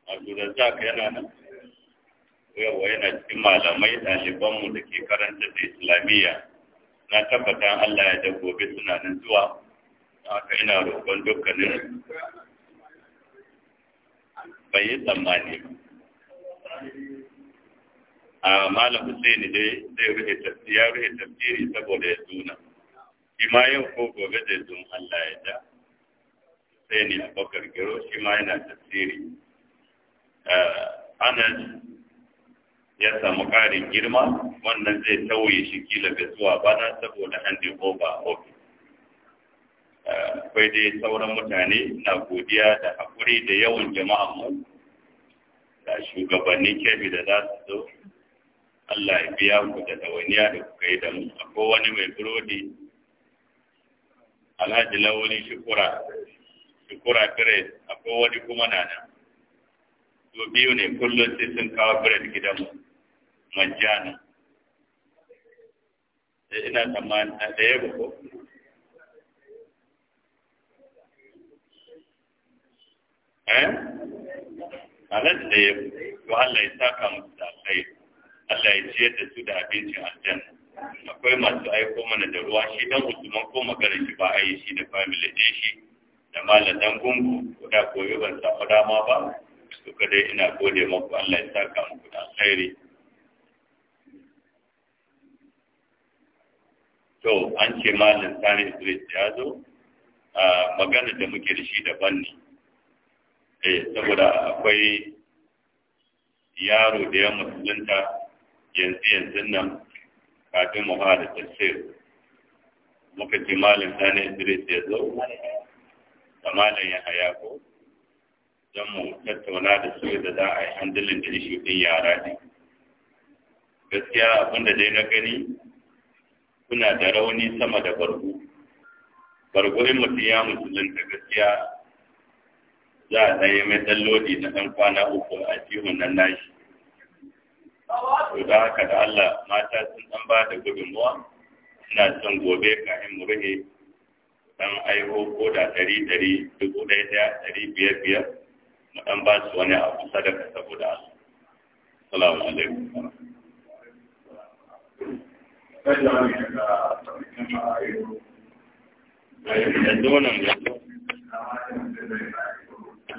abdulrazak yana nan yawa yana cikin malamai ɗalibanmu da ke karanta da islamiyya na tabbata allah ya da gobe suna nan zuwa haka ina roƙon dukkanin bai yi tsammani ba a malam Hussaini dai zai rufe tafsiri rufe tafsiri saboda ya zuna. shi ma yau ko gobe zai zo Allah ya da sai ne bakar gero shi ma yana tafsiri Eh, anan ya samu ƙarin girma wannan zai tauye shi kila ga zuwa bana saboda handi oba ofis eh, akwai dai sauran mutane na godiya da haƙuri da yawan jama'a mu da shugabannin kebi da za su zo Allah ya biya ku da dawaniya da kuka yi da mu akwai wani mai burodi alhaji lawali shukura shukura kire akwai wani kuma na nan to biyu ne kullum sai sun kawo bread gidan Sai eh, ina tsammanin a ɗaya ba ko eh da ya ko Allah ya saka musu da kai Allah ya ciyar da su da abincin aljanna akwai masu aiko mana da ruwa shi dan Usman ko magana shi ba a yi shi da family ɗin shi da malam dan gungu ko da koyo ban samu dama ba Suka dai ina gode maku Allah ya saka muku da alkhairi to an ce malam lissani idris ya zo a magana da muke da shi daban ne eh saboda akwai yaro da ya musulunta yanzu yanzu nan kafin mu fara tafsir muka ce malam sani idris ya zo da malam ya haya ko don mu tattauna da su da za a yi handilin da shi ɗin yara ne. Gaskiya abinda dai na gani suna da rauni sama da bargo. Bargo in mutum ya musulunta gaskiya za a tsaye mai tsalloli na ɗan kwana uku a jihun nan nashi. To haka da Allah mata sun ɗan ba da gudunmuwa suna son gobe ka yi murhe don aiho ko da ɗari ɗari dubu ɗaya ɗaya ɗari biyar biyar dan ba su wani abu sadaka saboda Allah Salamu alaikum yanzu wannan yanzu